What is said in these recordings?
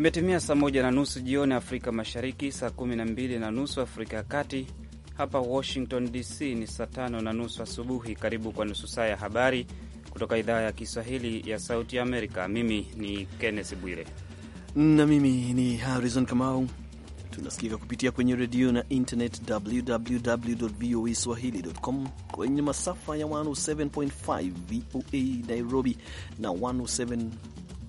Imetimia saa moja na nusu jioni Afrika Mashariki, saa kumi na mbili na nusu Afrika ya Kati. Hapa Washington DC ni saa tano na nusu asubuhi. Karibu kwa nusu saa ya habari kutoka idhaa ya Kiswahili ya Sauti ya Amerika. Mimi ni Kenneth Bwire na mimi ni Harrison Kamau. Tunasikika kupitia kwenye redio na internet, www voa swahili.com, kwenye masafa ya 107.5 VOA Nairobi na 107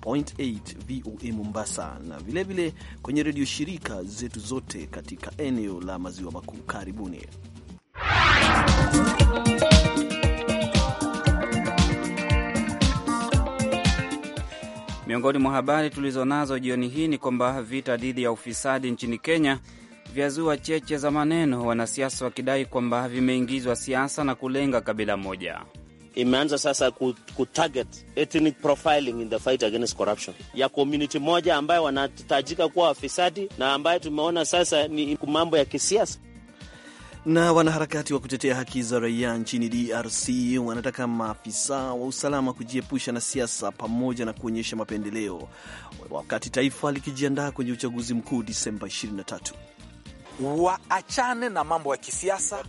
107.8 VOA Mombasa, na vilevile vile kwenye redio shirika zetu zote katika eneo la maziwa makuu. Karibuni. Miongoni mwa habari tulizonazo jioni hii ni kwamba vita dhidi ya ufisadi nchini Kenya vyazua cheche za maneno, wanasiasa wakidai kwamba vimeingizwa siasa na kulenga kabila moja imeanza sasa kutarget ethnic profiling in the fight against corruption ya community moja ambayo wanatajika kuwa wafisadi na ambayo tumeona sasa ni mambo ya kisiasa na wanaharakati wa kutetea haki za raia nchini DRC wanataka maafisa wa usalama kujiepusha na siasa pamoja na kuonyesha mapendeleo wakati taifa likijiandaa kwenye uchaguzi mkuu Disemba 23. Waachane na mambo ya kisiasa,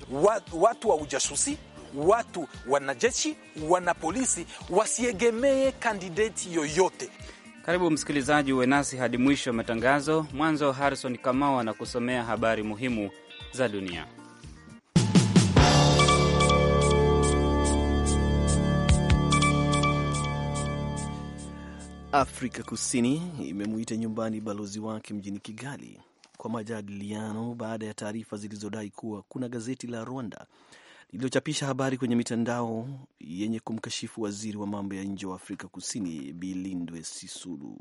watu wa ujasusi watu wanajeshi, wanapolisi wasiegemee kandideti yoyote. Karibu msikilizaji, uwe nasi hadi mwisho wa matangazo. Mwanzo Harrison Kamau anakusomea habari muhimu za dunia. Afrika Kusini imemuita nyumbani balozi wake mjini Kigali kwa majadiliano baada ya taarifa zilizodai kuwa kuna gazeti la Rwanda iliyochapisha habari kwenye mitandao yenye kumkashifu waziri wa mambo ya nje wa Afrika Kusini Bilindwe Sisulu.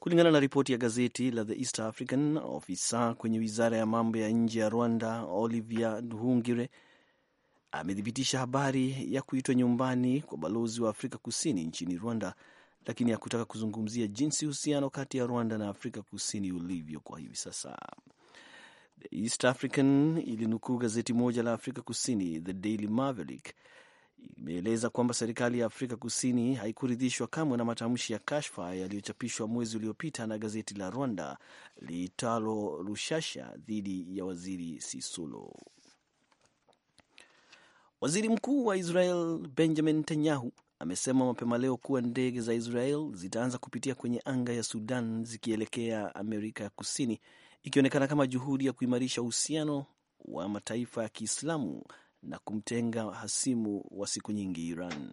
Kulingana na ripoti ya gazeti la The East African, ofisa kwenye wizara ya mambo ya nje ya Rwanda Olivia Nduhungire amethibitisha habari ya kuitwa nyumbani kwa balozi wa Afrika Kusini nchini Rwanda, lakini hakutaka kuzungumzia jinsi uhusiano kati ya Rwanda na Afrika Kusini ulivyo kwa hivi sasa. East African ilinukuu gazeti moja la Afrika Kusini, The Daily Maverick, imeeleza kwamba serikali ya Afrika Kusini haikuridhishwa kamwe na matamshi ya kashfa yaliyochapishwa mwezi uliopita na gazeti la Rwanda liitalo Rushasha dhidi ya waziri Sisulu. Waziri Mkuu wa Israel Benjamin Netanyahu amesema mapema leo kuwa ndege za Israel zitaanza kupitia kwenye anga ya Sudan zikielekea Amerika ya Kusini ikionekana kama juhudi ya kuimarisha uhusiano wa mataifa ya Kiislamu na kumtenga hasimu wa siku nyingi Iran.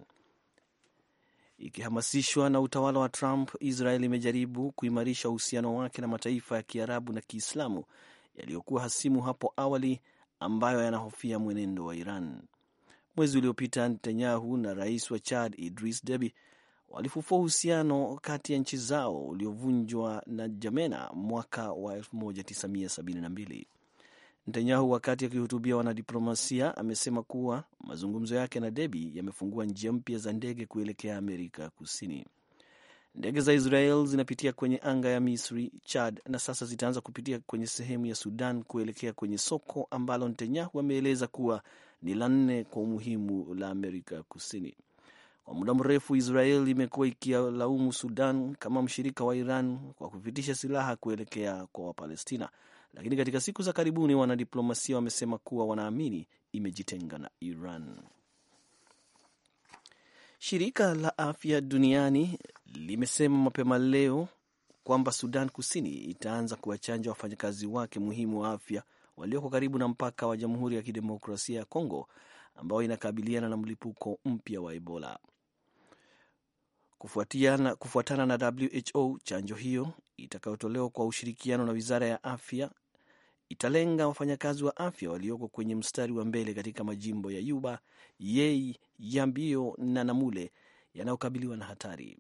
Ikihamasishwa na utawala wa Trump, Israel imejaribu kuimarisha uhusiano wake na mataifa ya Kiarabu na Kiislamu yaliyokuwa hasimu hapo awali, ambayo yanahofia mwenendo wa Iran. Mwezi uliopita, Netanyahu na rais wa Chad Idris Deby walifufua uhusiano kati ya nchi zao uliovunjwa na Jamena mwaka wa 1972. Netanyahu, wakati akihutubia wanadiplomasia, amesema kuwa mazungumzo yake na Debi yamefungua njia mpya za ndege kuelekea Amerika Kusini. Ndege za Israel zinapitia kwenye anga ya Misri, Chad na sasa zitaanza kupitia kwenye sehemu ya Sudan kuelekea kwenye soko ambalo Netanyahu ameeleza kuwa ni la nne kwa umuhimu la Amerika Kusini. Kwa muda mrefu Israel imekuwa ikilaumu Sudan kama mshirika wa Iran kwa kupitisha silaha kuelekea kwa Wapalestina, lakini katika siku za karibuni wanadiplomasia wamesema kuwa wanaamini imejitenga na Iran. Shirika la Afya Duniani limesema mapema leo kwamba Sudan Kusini itaanza kuwachanja wafanyakazi wake muhimu wa afya walioko karibu na mpaka wa Jamhuri ya Kidemokrasia ya Kongo ambao inakabiliana na mlipuko mpya wa Ebola. Kufuatiana, kufuatana na WHO, chanjo hiyo itakayotolewa kwa ushirikiano na wizara ya afya italenga wafanyakazi wa afya walioko kwenye mstari wa mbele katika majimbo ya Yuba, Yei, Yambio na Namule yanayokabiliwa na hatari.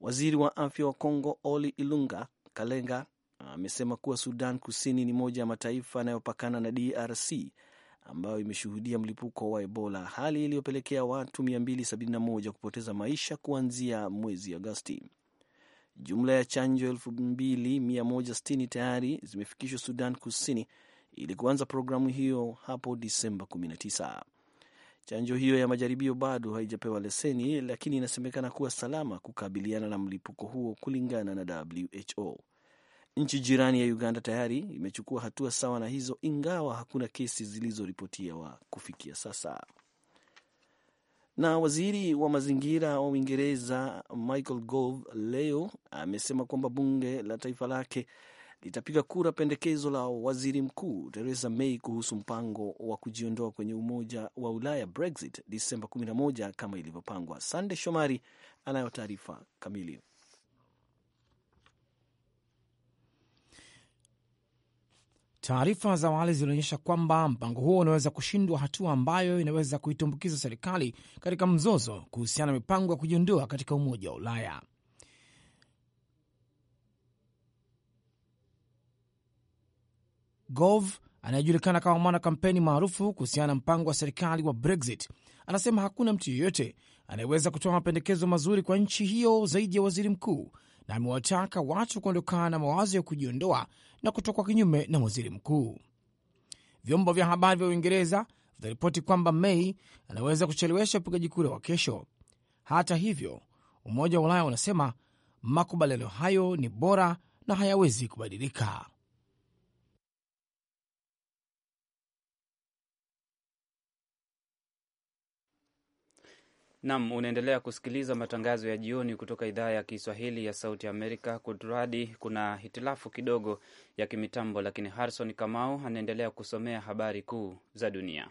Waziri wa afya wa congo Oli Ilunga Kalenga amesema kuwa Sudan Kusini ni moja ya mataifa yanayopakana na DRC ambayo imeshuhudia mlipuko wa Ebola, hali iliyopelekea watu 271 kupoteza maisha kuanzia mwezi Agosti. Jumla ya chanjo 2160 tayari zimefikishwa Sudan Kusini ili kuanza programu hiyo hapo Disemba 19. Chanjo hiyo ya majaribio bado haijapewa leseni, lakini inasemekana kuwa salama kukabiliana na mlipuko huo kulingana na WHO. Nchi jirani ya Uganda tayari imechukua hatua sawa na hizo, ingawa hakuna kesi zilizoripotiwa kufikia sasa. Na waziri wa mazingira wa Uingereza Michael Gove leo amesema kwamba bunge la taifa lake litapiga kura pendekezo la waziri mkuu Theresa May kuhusu mpango wa kujiondoa kwenye Umoja wa Ulaya, Brexit, Disemba 11 kama ilivyopangwa. Sande Shomari anayo taarifa kamili. Taarifa za awali zilionyesha kwamba mpango huo unaweza kushindwa, hatua ambayo inaweza kuitumbukiza serikali katika mzozo kuhusiana na mipango ya kujiondoa katika Umoja wa Ulaya. gov anayejulikana kama mwana kampeni maarufu kuhusiana na mpango wa serikali wa Brexit anasema hakuna mtu yeyote anayeweza kutoa mapendekezo mazuri kwa nchi hiyo zaidi ya waziri mkuu na amewataka watu kuondokana na mawazo ya kujiondoa na kutokwa kinyume na waziri mkuu. Vyombo vya habari vya Uingereza vinaripoti kwamba May anaweza kuchelewesha upigaji kura wa kesho. Hata hivyo, Umoja wa Ulaya unasema makubaliano hayo ni bora na hayawezi kubadilika. Nam, unaendelea kusikiliza matangazo ya jioni kutoka idhaa ya Kiswahili ya Sauti Amerika. Kuturadi kuna hitilafu kidogo ya kimitambo, lakini Harrison Kamau anaendelea kusomea habari kuu za dunia.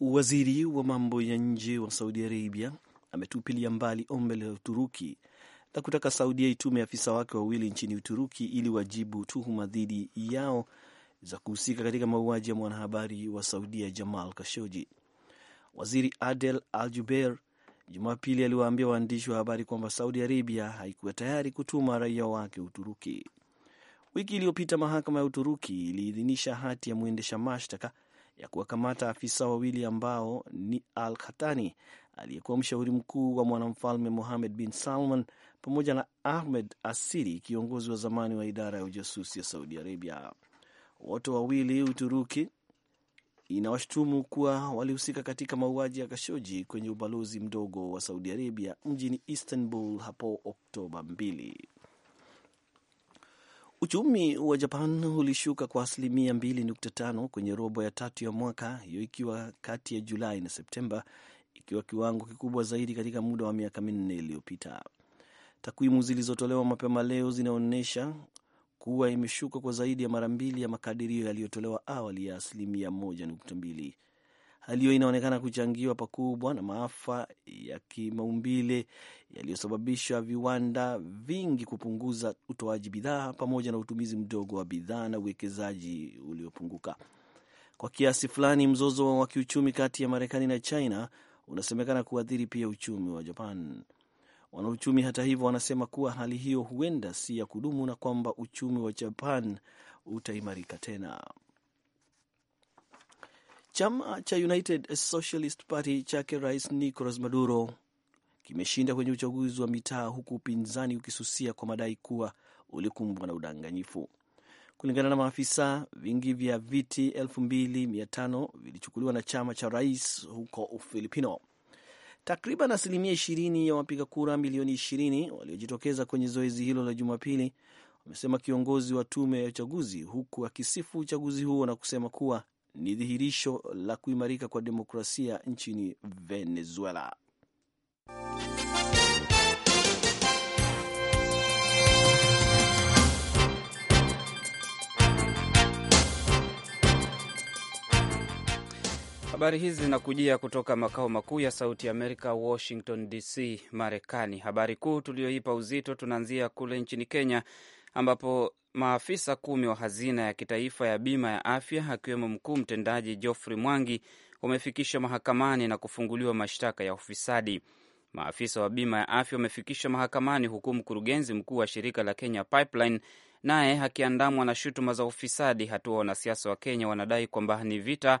Waziri wa mambo ya nje wa Saudi Arabia ametupilia mbali ombi la Uturuki la kutaka Saudia itume afisa wake wawili nchini Uturuki ili wajibu tuhuma dhidi yao za kuhusika katika mauaji ya mwanahabari wa Saudia Jamal Kashoji. Waziri Adel Al Jubeir Jumapili aliwaambia waandishi wa habari kwamba Saudi Arabia haikuwa tayari kutuma raia wake Uturuki. Wiki iliyopita mahakama ya Uturuki iliidhinisha hati ya mwendesha mashtaka ya kuwakamata afisa wawili ambao ni Al Khatani aliyekuwa mshauri mkuu wa mwanamfalme Mohamed bin Salman pamoja na Ahmed Asiri, kiongozi wa zamani wa idara ya ujasusi ya Saudi Arabia. Wote wawili Uturuki inawashutumu kuwa walihusika katika mauaji ya Kashoji kwenye ubalozi mdogo wa Saudi Arabia mjini Istanbul hapo Oktoba 2. Uchumi wa Japan ulishuka kwa asilimia 2.5 kwenye robo ya tatu ya mwaka, hiyo ikiwa kati ya Julai na Septemba, ikiwa kiwango kikubwa zaidi katika muda wa miaka minne iliyopita. Takwimu zilizotolewa mapema leo zinaonyesha kuwa imeshuka kwa zaidi ya mara mbili ya makadirio yaliyotolewa awali ya asilimia moja mbili. Hali hiyo inaonekana kuchangiwa pakubwa na maafa ya kimaumbile yaliyosababisha viwanda vingi kupunguza utoaji bidhaa pamoja na utumizi mdogo wa bidhaa na uwekezaji uliopunguka. Kwa kiasi fulani, mzozo wa kiuchumi kati ya Marekani na China unasemekana kuathiri pia uchumi wa Japan. Wanauchumi hata hivyo wanasema kuwa hali hiyo huenda si ya kudumu na kwamba uchumi wa Japan utaimarika tena. Chama cha United Socialist Party chake Rais Nicolas Maduro kimeshinda kwenye uchaguzi wa mitaa huku upinzani ukisusia kwa madai kuwa ulikumbwa na udanganyifu. Kulingana na maafisa, vingi vya viti 2500 vilichukuliwa na chama cha rais huko Ufilipino. Takriban asilimia ishirini ya wapiga kura milioni ishirini waliojitokeza kwenye zoezi hilo la Jumapili, wamesema kiongozi wa tume ya uchaguzi, huku akisifu uchaguzi huo na kusema kuwa ni dhihirisho la kuimarika kwa demokrasia nchini Venezuela. Habari hizi zinakujia kutoka makao makuu ya Sauti Amerika, Washington DC, Marekani. Habari kuu tuliyoipa uzito tunaanzia kule nchini Kenya, ambapo maafisa kumi wa hazina ya kitaifa ya bima ya afya akiwemo mkuu mtendaji Geoffrey Mwangi wamefikishwa mahakamani na kufunguliwa mashtaka ya ufisadi. Maafisa wa bima ya afya wamefikishwa mahakamani huku mkurugenzi mkuu wa shirika la Kenya Pipeline naye akiandamwa na shutuma za ufisadi. Hatua wanasiasa wa Kenya wanadai kwamba ni vita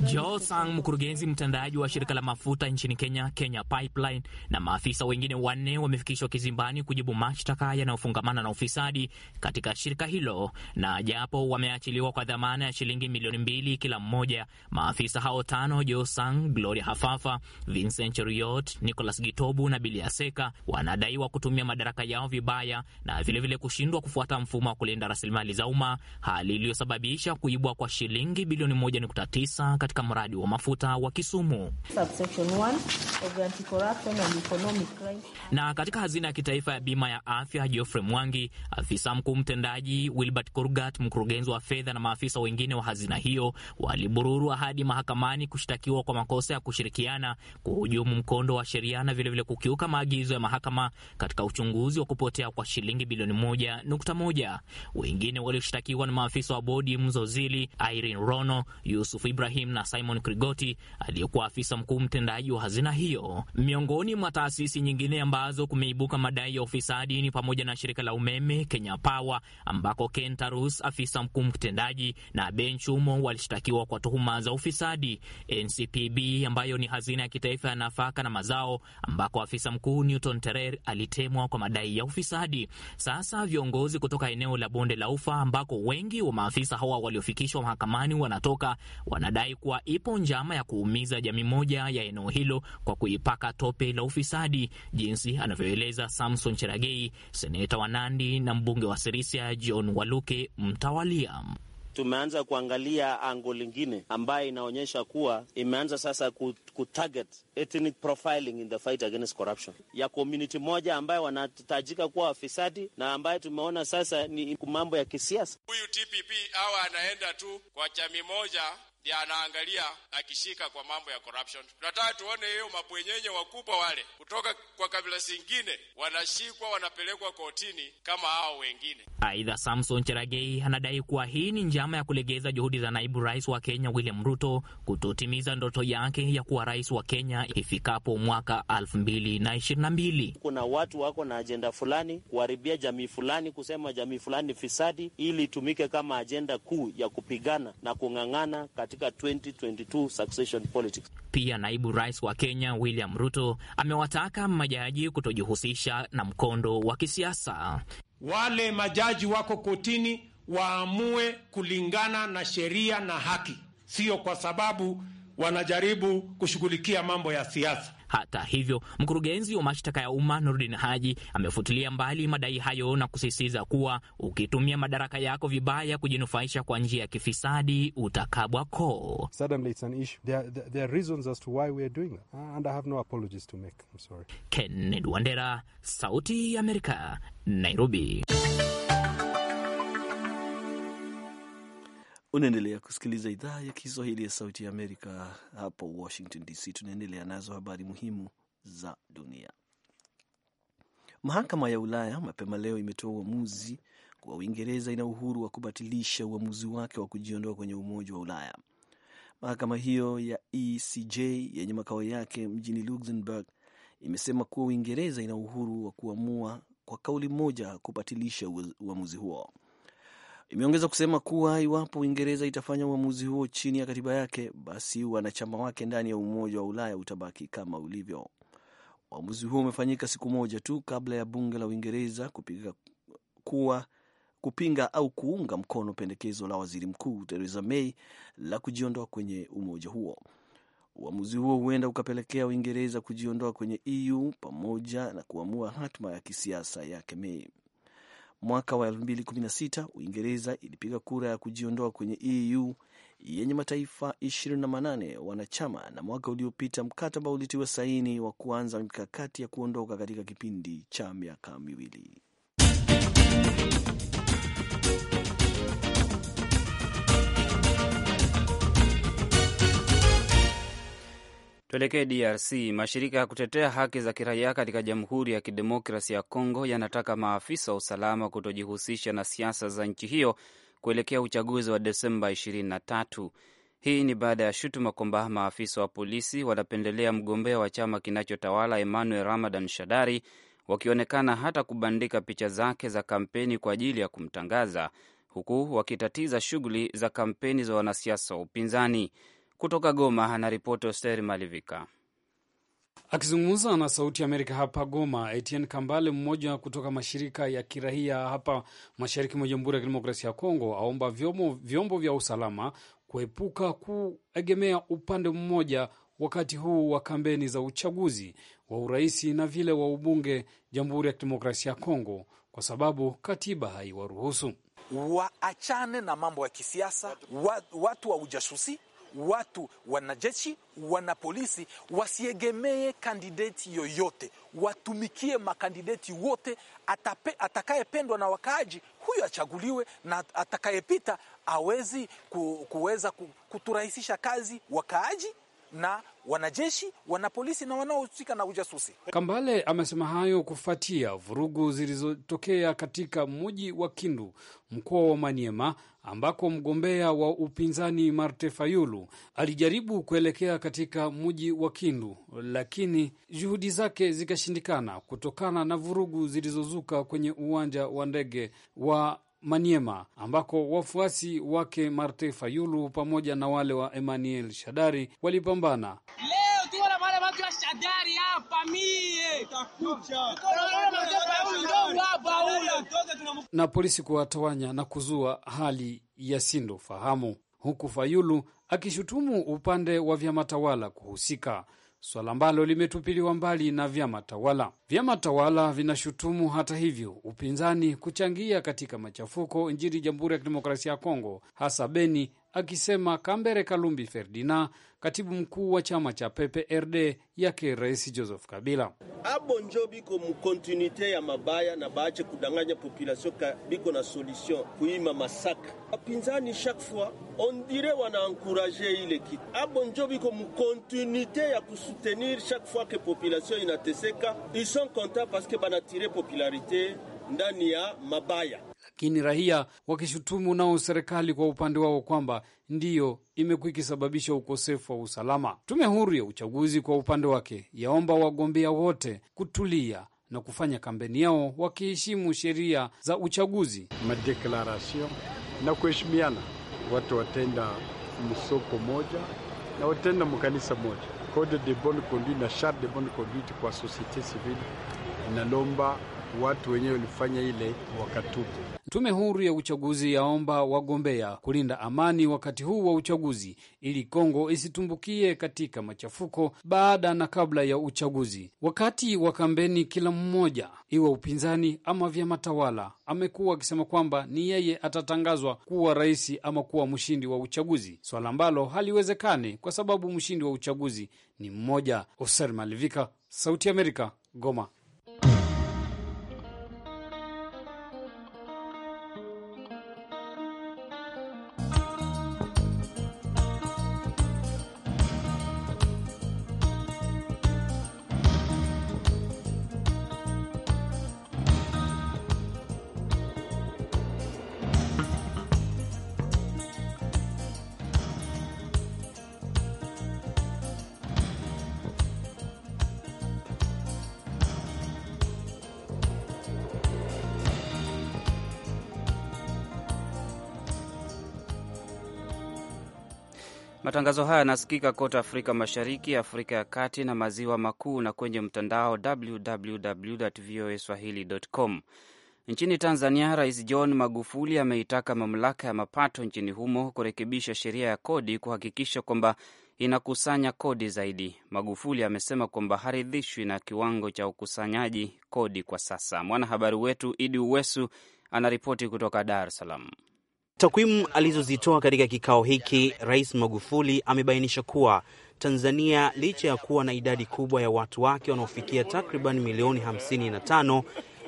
Jo Sang, mkurugenzi mtendaji wa shirika la mafuta nchini Kenya, Kenya Pipeline, na maafisa wengine wanne wamefikishwa kizimbani kujibu mashtaka yanayofungamana na ufisadi katika shirika hilo, na japo wameachiliwa kwa dhamana ya shilingi milioni mbili kila mmoja, maafisa hao tano, Jo Sang, Gloria Hafafa, Vincent Cheruiyot, Nicholas Gitobu na Bili Aseka, wanadaiwa kutumia madaraka yao vibaya na vilevile kushindwa kufuata mfumo wa kulinda rasilimali za umma, hali iliyosababisha kuibwa kwa shilingi bilioni 1.9 kabisa katika mradi wa mafuta wa Kisumu. Na katika hazina ya kitaifa ya bima ya afya, Geoffrey Mwangi, afisa mkuu mtendaji Wilbert Kurgat, mkurugenzi wa fedha na maafisa wengine wa hazina hiyo walibururu hadi mahakamani kushtakiwa kwa makosa ya kushirikiana, kuhujumu mkondo wa sheria na vilevile kukiuka maagizo ya mahakama katika uchunguzi wa kupotea kwa shilingi bilioni moja nukta moja. Wengine walioshtakiwa na maafisa wa bodi mzozili Irene Rono, Yusuf Yusuf Ibrahim na Simon Krigoti aliyekuwa afisa mkuu mtendaji wa hazina hiyo. Miongoni mwa taasisi nyingine ambazo kumeibuka madai ya ufisadi ni pamoja na shirika la umeme Kenya Power ambako Ken Tarus, afisa mkuu mtendaji, na Ben Chumo walishtakiwa kwa tuhuma za ufisadi. NCPB ambayo ni hazina ya kitaifa ya nafaka na mazao ambako afisa mkuu Newton Terer alitemwa kwa madai ya ufisadi. Sasa viongozi kutoka eneo la bonde la Ufa ambako wengi wa maafisa hawa waliofikishwa mahakamani wanatoka wanadai kuwa ipo njama ya kuumiza jamii moja ya eneo hilo kwa kuipaka tope la ufisadi, jinsi anavyoeleza Samson Cheragei, seneta wa Nandi na mbunge wa Sirisia John Waluke mtawalia. Tumeanza kuangalia ango lingine ambayo inaonyesha kuwa imeanza sasa kutarget ethnic profiling in the fight against corruption ya community moja ambayo wanatajika kuwa wafisadi na ambayo tumeona sasa ni mambo ya kisiasa. Huyu TPP awa anaenda tu kwa chama moja ndiye anaangalia akishika kwa mambo ya corruption. Tunataka tuone hiyo mabwenyenye wakubwa wale kutoka kwa kabila zingine wanashikwa, wanapelekwa kotini kama hao wengine. Aidha, Samson Cheragei anadai kuwa hii ni njama ya kulegeza juhudi za naibu rais wa Kenya William Ruto kutotimiza ndoto yake ya kuwa rais wa Kenya ifikapo mwaka 2022. Kuna watu wako na ajenda fulani kuharibia jamii fulani, kusema jamii fulani fisadi, ili itumike kama ajenda kuu ya kupigana na kung'ang'ana kati katika 2022 succession politics. Pia naibu rais wa Kenya William Ruto amewataka majaji kutojihusisha na mkondo wa kisiasa. Wale majaji wako kotini waamue kulingana na sheria na haki, sio kwa sababu wanajaribu kushughulikia mambo ya siasa. Hata hivyo, mkurugenzi wa mashtaka ya umma Nurdin Haji amefutilia mbali madai hayo na kusisitiza kuwa ukitumia madaraka yako vibaya kujinufaisha kwa njia ya kifisadi utakabwa koo. Kennedy Wandera, Sauti ya Amerika, Nairobi. Unaendelea kusikiliza idhaa ya Kiswahili ya Sauti ya Amerika hapa Washington DC. Tunaendelea nazo habari muhimu za dunia. Mahakama ya Ulaya mapema leo imetoa uamuzi kuwa Uingereza ina uhuru wa kubatilisha uamuzi wake wa kujiondoa kwenye Umoja wa Ulaya. Mahakama hiyo ya ECJ yenye makao yake mjini Luxembourg imesema kuwa Uingereza ina uhuru wa kuamua kwa kauli moja kubatilisha uamuzi huo. Imeongeza kusema kuwa iwapo Uingereza itafanya uamuzi huo chini ya katiba yake, basi wanachama wake ndani ya Umoja wa Ulaya utabaki kama ulivyo. Uamuzi huo umefanyika siku moja tu kabla ya bunge la Uingereza kupiga kuwa kupinga au kuunga mkono pendekezo la waziri mkuu Theresa May la kujiondoa kwenye umoja huo. Uamuzi huo huenda ukapelekea Uingereza kujiondoa kwenye EU pamoja na kuamua hatma ya kisiasa yake May. Mwaka wa 2016 Uingereza ilipiga kura ya kujiondoa kwenye EU yenye mataifa 28 wanachama, na mwaka uliopita mkataba ulitiwa saini wa kuanza mikakati ya kuondoka katika kipindi cha miaka miwili. Tuelekee DRC. Mashirika ya kutetea haki za kiraia katika Jamhuri ya Kidemokrasi ya congo yanataka maafisa wa usalama kutojihusisha na siasa za nchi hiyo kuelekea uchaguzi wa Desemba 23. Hii ni baada ya shutuma kwamba maafisa wa polisi wanapendelea mgombea wa chama kinachotawala Emmanuel Ramadan Shadari, wakionekana hata kubandika picha zake za kampeni kwa ajili ya kumtangaza, huku wakitatiza shughuli za kampeni za wanasiasa wa upinzani. Kutoka Goma anaripoti Osteri Malivika. Akizungumza na Sauti ya Amerika hapa Goma, Etienne Kambale, mmoja kutoka mashirika ya kirahia hapa mashariki mwa Jamhuri ya Kidemokrasia ya Kongo, aomba vyombo, vyombo vya usalama kuepuka kuegemea upande mmoja wakati huu wa kampeni za uchaguzi wa uraisi na vile wa ubunge Jamhuri ya Kidemokrasia ya Kongo, kwa sababu katiba haiwaruhusu. Waachane na mambo ya kisiasa, watu wa ujasusi watu wanajeshi, wanapolisi wasiegemee kandideti yoyote, watumikie makandideti wote. Atakayependwa na wakaaji huyo achaguliwe, na atakayepita awezi ku, kuweza kuturahisisha kazi wakaaji na wanajeshi, wanapolisi na wanaohusika na ujasusi. Kambale amesema hayo kufuatia vurugu zilizotokea katika mji wa Kindu, mkoa wa Maniema, ambako mgombea wa upinzani Marte Fayulu alijaribu kuelekea katika mji wa Kindu, lakini juhudi zake zikashindikana kutokana na vurugu zilizozuka kwenye uwanja wa ndege wa Maniema ambako wafuasi wake Marte Fayulu pamoja na wale wa Emmanuel Shadari walipambana. Leo tuko na wale watu wa Shadari hapa mie. Na polisi kuwatawanya na kuzua hali ya huku Fayulu akishutumu upande wa vyama tawala kuhusika swala ambalo limetupiliwa mbali na vyama tawala. Vyama tawala vinashutumu hata hivyo upinzani kuchangia katika machafuko nchini Jamhuri ya Kidemokrasia ya Kongo, hasa Beni akisema Kambere Kalumbi Ferdinand, katibu mkuu wa chama cha PPRD yake Rais Joseph Kabila. abo njo biko mukontinite ya mabaya na baache kudanganya populasio ka biko na solution kuima masaka wapinzani chaque fois ondire wanaankurage ile kitu abo njo biko mukontinite ya kusutenir chaque fois ke population inateseka ils sont contents parce que banatire popularite ndani ya mabaya lakini raia wakishutumu nao serikali kwa upande wao kwamba ndiyo imekuwa ikisababisha ukosefu wa usalama. Tume huru ya uchaguzi kwa upande wake yaomba wagombea wote kutulia na kufanya kampeni yao wakiheshimu sheria za uchaguzi, madeklarasio na kuheshimiana. Watu watenda msoko moja na watenda mkanisa moja, code de bonne conduite na charte de bonne conduite kwa societe civile inalomba watu wenyewe walifanya ile wakatubu Tume huru ya uchaguzi yaomba wagombea kulinda amani wakati huu wa uchaguzi ili Kongo isitumbukie katika machafuko baada na kabla ya uchaguzi. Wakati wa kampeni, kila mmoja iwe upinzani ama vyama tawala amekuwa akisema kwamba ni yeye atatangazwa kuwa rais ama kuwa mshindi wa uchaguzi, swala ambalo haliwezekani kwa sababu mshindi wa uchaguzi ni mmoja. Oser Malivika, Sauti Amerika, Goma. Matangazo haya yanasikika kote Afrika Mashariki, Afrika ya Kati na Maziwa Makuu, na kwenye mtandao www voa swahilicom. Nchini Tanzania, Rais John Magufuli ameitaka mamlaka ya mapato nchini humo kurekebisha sheria ya kodi kuhakikisha kwamba inakusanya kodi zaidi. Magufuli amesema kwamba haridhishwi na kiwango cha ukusanyaji kodi kwa sasa. Mwanahabari wetu Idi Uwesu anaripoti kutoka Dar es Salaam. Takwimu alizozitoa katika kikao hiki, Rais Magufuli amebainisha kuwa Tanzania licha ya kuwa na idadi kubwa ya watu wake wanaofikia takriban milioni 55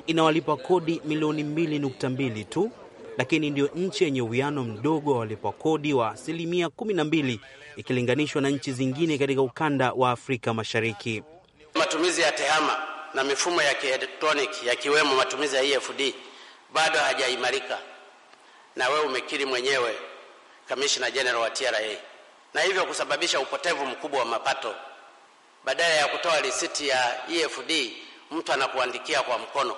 inawalipa kodi milioni 2.2 tu, lakini ndiyo nchi yenye uwiano mdogo wa walipa kodi wa asilimia 12 ikilinganishwa na nchi zingine katika ukanda wa Afrika Mashariki. Matumizi ya tehama na mifumo ya kielektroniki yakiwemo matumizi ya EFD bado hajaimarika na wewe umekiri mwenyewe kamishna general wa TRA, na hivyo kusababisha upotevu mkubwa wa mapato. Badala ya kutoa risiti ya EFD, mtu anakuandikia kwa mkono.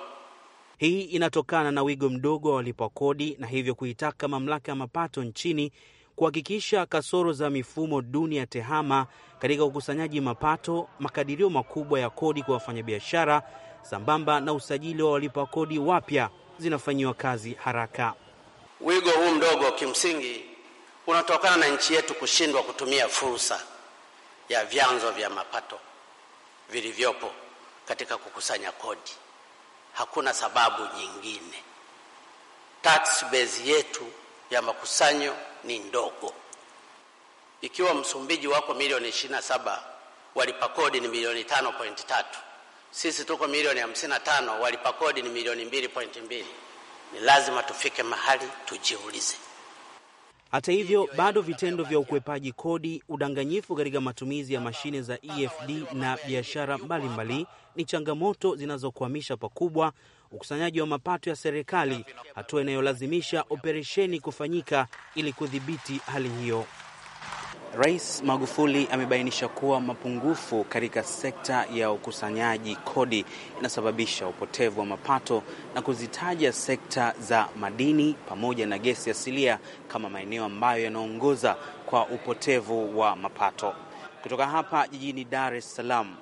Hii inatokana na wigo mdogo wa walipa kodi, na hivyo kuitaka mamlaka ya mapato nchini kuhakikisha kasoro za mifumo duni ya tehama katika ukusanyaji mapato, makadirio makubwa ya kodi kwa wafanyabiashara, sambamba na usajili wa walipa kodi wapya zinafanyiwa kazi haraka. Wigo huu mdogo kimsingi unatokana na nchi yetu kushindwa kutumia fursa ya vyanzo vya mapato vilivyopo katika kukusanya kodi. Hakuna sababu nyingine. Tax base yetu ya makusanyo ni ndogo. Ikiwa Msumbiji wako milioni 27, walipa kodi ni milioni 5.3, sisi tuko milioni 55, walipa kodi ni milioni 2.2 ni lazima tufike mahali tujiulize. Hata hivyo bado vitendo vya ukwepaji kodi, udanganyifu katika matumizi ya mashine za EFD na biashara mbalimbali ni changamoto zinazokwamisha pakubwa ukusanyaji wa mapato ya serikali, hatua inayolazimisha operesheni kufanyika ili kudhibiti hali hiyo. Rais Magufuli amebainisha kuwa mapungufu katika sekta ya ukusanyaji kodi inasababisha upotevu wa mapato na kuzitaja sekta za madini pamoja na gesi asilia kama maeneo ambayo yanaongoza kwa upotevu wa mapato. Kutoka hapa jijini Dar es Salaam,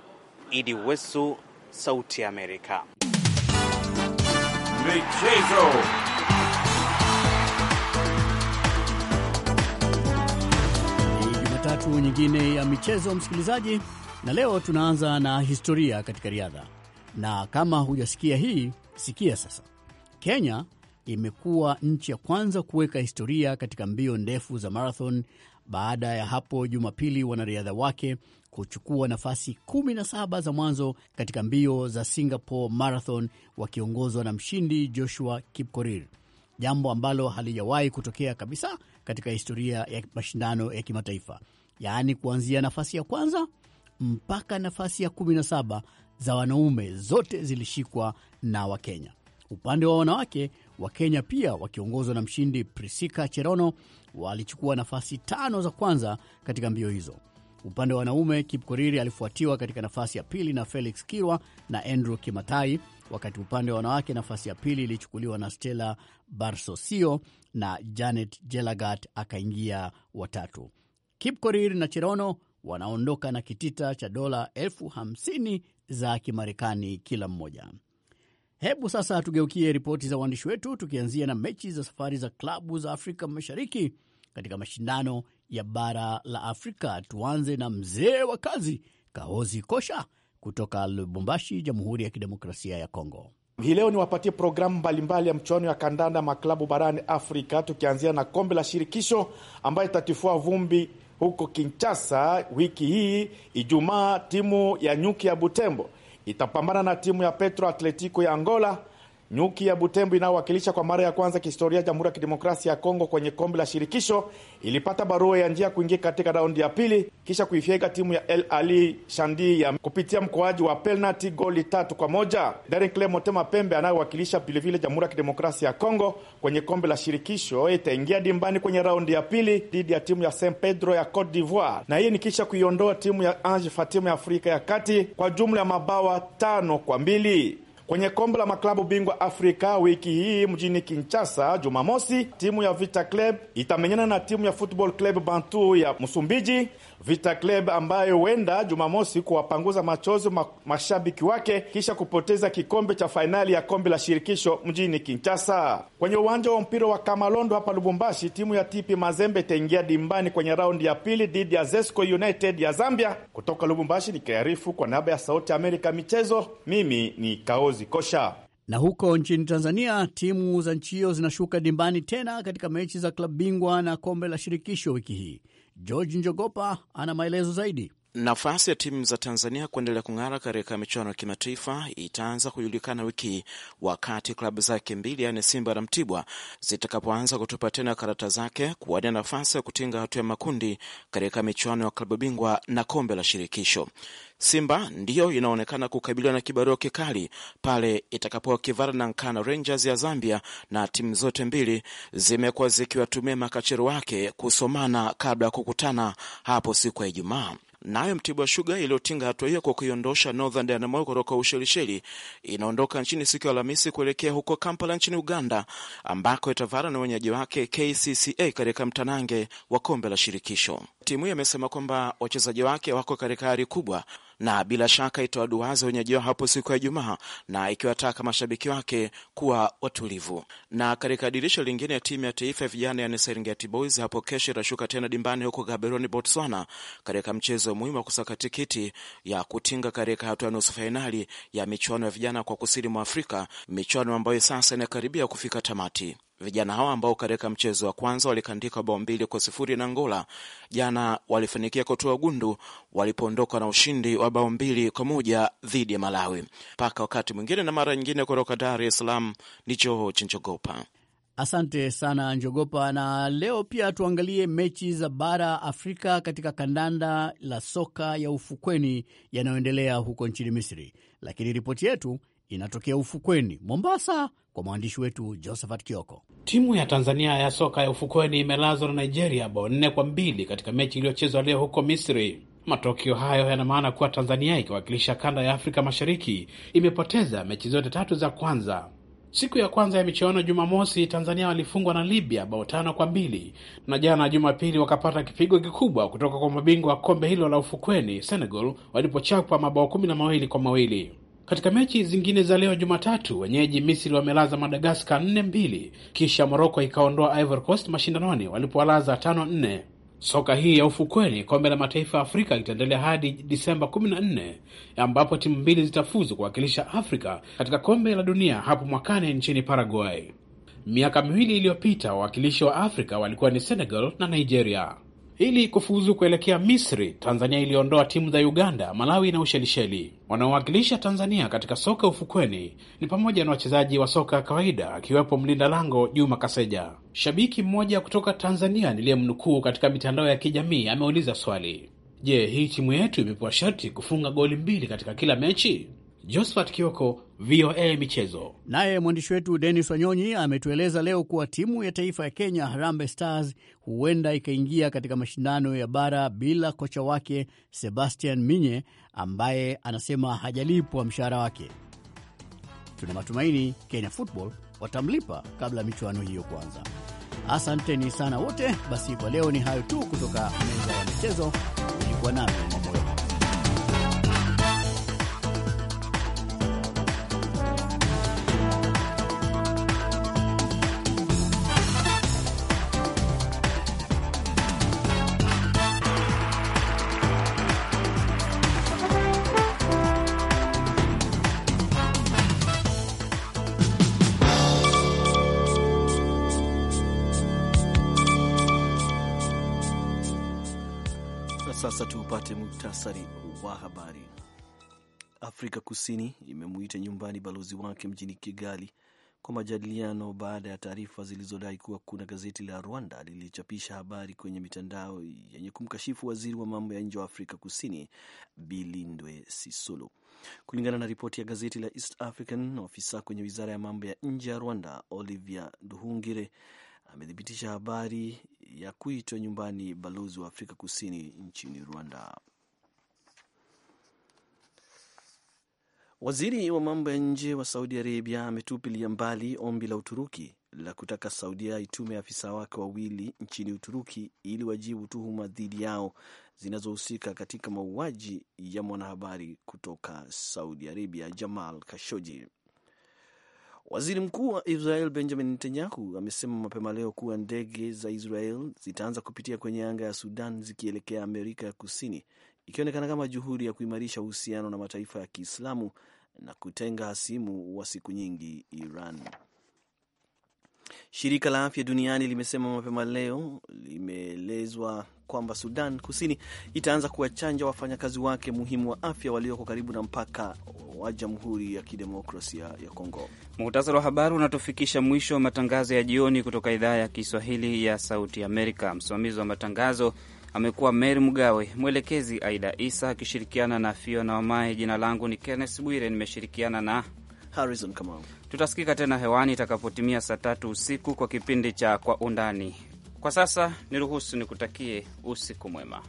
Idi Wesu, Sauti ya Amerika. Michezo. yetu nyingine ya michezo, msikilizaji, na leo tunaanza na historia katika riadha. Na kama hujasikia hii, sikia sasa. Kenya imekuwa nchi ya kwanza kuweka historia katika mbio ndefu za marathon baada ya hapo Jumapili wanariadha wake kuchukua nafasi 17 za mwanzo katika mbio za Singapore Marathon wakiongozwa na mshindi Joshua Kipkorir, jambo ambalo halijawahi kutokea kabisa katika historia ya mashindano ya kimataifa yaani kuanzia nafasi ya kwanza mpaka nafasi ya 17 za wanaume, zote zilishikwa na Wakenya. Upande wa wanawake, Wakenya pia wakiongozwa na mshindi Prisika Cherono walichukua nafasi tano za kwanza katika mbio hizo. Upande wa wanaume, Kipkoriri alifuatiwa katika nafasi ya pili na Felix Kirwa na Andrew Kimatai, wakati upande wa wanawake nafasi ya pili ilichukuliwa na Stella Barsosio na Janet Jelagat akaingia watatu. Kipkorir na Cherono wanaondoka na kitita cha dola elfu hamsini za Kimarekani kila mmoja. Hebu sasa tugeukie ripoti za waandishi wetu, tukianzia na mechi za safari za klabu za Afrika Mashariki katika mashindano ya bara la Afrika. Tuanze na mzee wa kazi Kahozi Kosha kutoka Lubumbashi, Jamhuri ya Kidemokrasia ya Kongo. Hii leo niwapatie programu mbalimbali ya mchuano ya kandanda maklabu barani Afrika, tukianzia na kombe la shirikisho ambayo itatifua vumbi huko Kinshasa wiki hii Ijumaa, timu ya nyuki ya Butembo itapambana na timu ya Petro Atletico ya Angola Nyuki ya Butembo inayowakilisha kwa mara ya kwanza kihistoria Jamhuri ya Kidemokrasia ya Kongo kwenye kombe la shirikisho ilipata barua ya njia kuingia katika raundi ya pili kisha kuifyeka timu ya El Ali Shandi ya kupitia mkoaji wa penalti goli tatu kwa moja. Darin Clay Motema Pembe anayewakilisha vilevile Jamhuri ya Kidemokrasia ya Kongo kwenye kombe la shirikisho itaingia dimbani kwenye raundi ya pili dhidi ya timu ya St Pedro ya Cote d'Ivoire, na hii ni kisha kuiondoa timu ya Ange Fatima ya Afrika ya Kati kwa jumla ya mabawa tano kwa mbili. Kwenye kombe la maklabu bingwa Afrika wiki hii mjini Kinshasa, Jumamosi timu ya Vita Club itamenyana na timu ya Football Club Bantu ya Msumbiji. Vita Club ambayo huenda Jumamosi kuwapanguza machozo mashabiki wake kisha kupoteza kikombe cha fainali ya kombe la shirikisho mjini Kinshasa. Kwenye uwanja wa mpira wa Kamalondo hapa Lubumbashi, timu ya TP Mazembe itaingia dimbani kwenye raundi ya pili dhidi ya Zesco United ya Zambia. Kutoka Lubumbashi nikiarifu kwa niaba ya Sauti Amerika michezo, mimi ni Kaozi Kosha. Na huko nchini Tanzania, timu za nchi hiyo zinashuka dimbani tena katika mechi za klabu bingwa na kombe la shirikisho wiki hii. George Njogopa ana maelezo zaidi. Nafasi ya timu za Tanzania kuendelea kung'ara katika michuano ya kimataifa itaanza kujulikana wiki wakati klabu zake mbili, yaani Simba na Mtibwa, zitakapoanza kutupa tena karata zake kuwania nafasi ya kutinga hatua ya makundi katika michuano ya klabu bingwa na kombe la shirikisho. Simba ndiyo inaonekana kukabiliwa na kibarua kikali pale itakapoa kivara na Nkana Rangers ya Zambia, na timu zote mbili zimekuwa zikiwatumia makachero wake kusomana kabla ya kukutana hapo siku ya Ijumaa. Nayo Mtibwa Shuga iliyotinga hatua hiyo kwa kuiondosha Northern Dynamo kutoka Ushelisheli inaondoka nchini siku ya Alhamisi kuelekea huko Kampala nchini Uganda, ambako itavara na wenyeji wake KCCA katika mtanange wa kombe la shirikisho. Timu hiyo imesema kwamba wachezaji wake wako katika hari kubwa na bila shaka itoa dua za wenyeji wao hapo siku ya Ijumaa, na ikiwataka mashabiki wake kuwa watulivu. Na katika dirisha lingine ya timu ya taifa ya vijana yani Serengeti Boys hapo kesho itashuka tena dimbani huko Gaberoni, Botswana, katika mchezo muhimu wa kusaka tikiti ya kutinga katika hatua ya nusu fainali ya michuano ya vijana kwa kusini mwa Afrika, michuano ambayo sasa inakaribia kufika tamati. Vijana hao ambao katika mchezo wa kwanza walikandika bao mbili kwa sifuri na Angola, jana walifanikia kutoa gundu walipoondoka na ushindi wa bao mbili kwa moja dhidi ya Malawi. Mpaka wakati mwingine na mara nyingine, kutoka Dar es Salaam ni Joho chinjogopa Asante sana Njogopa. Na leo pia tuangalie mechi za bara Afrika katika kandanda la soka ya ufukweni yanayoendelea huko nchini Misri, lakini ripoti yetu inatokea ufukweni Mombasa, kwa mwandishi wetu Josephat Kioko. Timu ya Tanzania ya soka ya ufukweni imelazwa na Nigeria bao nne kwa mbili katika mechi iliyochezwa leo huko Misri. Matokeo hayo yana maana kuwa Tanzania ikiwakilisha kanda ya Afrika Mashariki imepoteza mechi zote tatu za kwanza. Siku ya kwanza ya michuano Jumamosi, Tanzania walifungwa na Libya bao tano kwa mbili na jana Jumapili wakapata kipigo kikubwa kutoka kwa mabingwa wa kombe hilo la ufukweni Senegal walipochapwa mabao kumi na mawili kwa mawili. Katika mechi zingine za leo Jumatatu, wenyeji Misri wamelaza Madagaskar 4 mbili, kisha Moroko ikaondoa Ivory Coast mashindanoni walipowalaza 5 4 Soka hii ya ufukweni, kombe la mataifa ya Afrika itaendelea hadi Disemba 14 ambapo timu mbili zitafuzu kuwakilisha Afrika katika kombe la dunia hapo mwakani nchini Paraguay. Miaka miwili iliyopita wawakilishi wa Afrika walikuwa ni Senegal na Nigeria. Ili kufuzu kuelekea Misri, Tanzania iliondoa timu za Uganda, Malawi na Ushelisheli. Wanaowakilisha Tanzania katika soka ufukweni ni pamoja na wachezaji wa soka ya kawaida, akiwepo mlinda lango Juma Kaseja. Shabiki mmoja kutoka Tanzania niliyemnukuu katika mitandao ya kijamii ameuliza swali: Je, hii timu yetu imepewa sharti kufunga goli mbili katika kila mechi? Josphat Kioko, VOA Michezo. Naye mwandishi wetu Denis Wanyonyi ametueleza leo kuwa timu ya taifa ya Kenya, Harambee Stars, huenda ikaingia katika mashindano ya bara bila kocha wake Sebastian Minye, ambaye anasema hajalipwa mshahara wake. Tuna matumaini Kenya Football watamlipa kabla ya michuano hiyo kuanza. Asanteni sana wote. Basi kwa leo ni hayo tu kutoka meza ya michezo. Ulikuwa nami Kusini imemuita nyumbani balozi wake mjini Kigali kwa majadiliano baada ya taarifa zilizodai kuwa kuna gazeti la Rwanda lilichapisha habari kwenye mitandao yenye kumkashifu waziri wa mambo ya nje wa Afrika Kusini Bilindwe Sisulu. Kulingana na ripoti ya gazeti la East African, ofisa kwenye wizara ya mambo ya nje ya Rwanda Olivia Duhungire amethibitisha habari ya kuitwa nyumbani balozi wa Afrika Kusini nchini Rwanda. Waziri wa mambo ya nje wa Saudi Arabia ametupilia mbali ombi la Uturuki la kutaka Saudia itume afisa wake wawili nchini Uturuki ili wajibu tuhuma dhidi yao zinazohusika katika mauaji ya mwanahabari kutoka Saudi Arabia Jamal Khashoggi. Waziri Mkuu wa Israel Benjamin Netanyahu amesema mapema leo kuwa ndege za Israel zitaanza kupitia kwenye anga ya Sudan zikielekea Amerika ya Kusini ikionekana kama juhudi ya kuimarisha uhusiano na mataifa ya Kiislamu na kutenga hasimu wa siku nyingi Iran. Shirika la Afya Duniani limesema mapema leo limeelezwa kwamba Sudan Kusini itaanza kuwachanja wafanyakazi wake muhimu wa afya walioko karibu na mpaka wa Jamhuri ya Kidemokrasia ya Kongo. Muhtasari wa habari unatufikisha mwisho wa matangazo ya jioni kutoka idhaa ya Kiswahili ya Sauti Amerika. Msimamizi wa matangazo amekuwa Meri Mgawe, mwelekezi Aida Isa akishirikiana na Fiona Wamae. Jina langu ni Kenneth Bwire, nimeshirikiana na Harrison Kamau. Tutasikika tena hewani itakapotimia saa tatu usiku kwa kipindi cha Kwa Undani. Kwa sasa niruhusu nikutakie usiku mwema.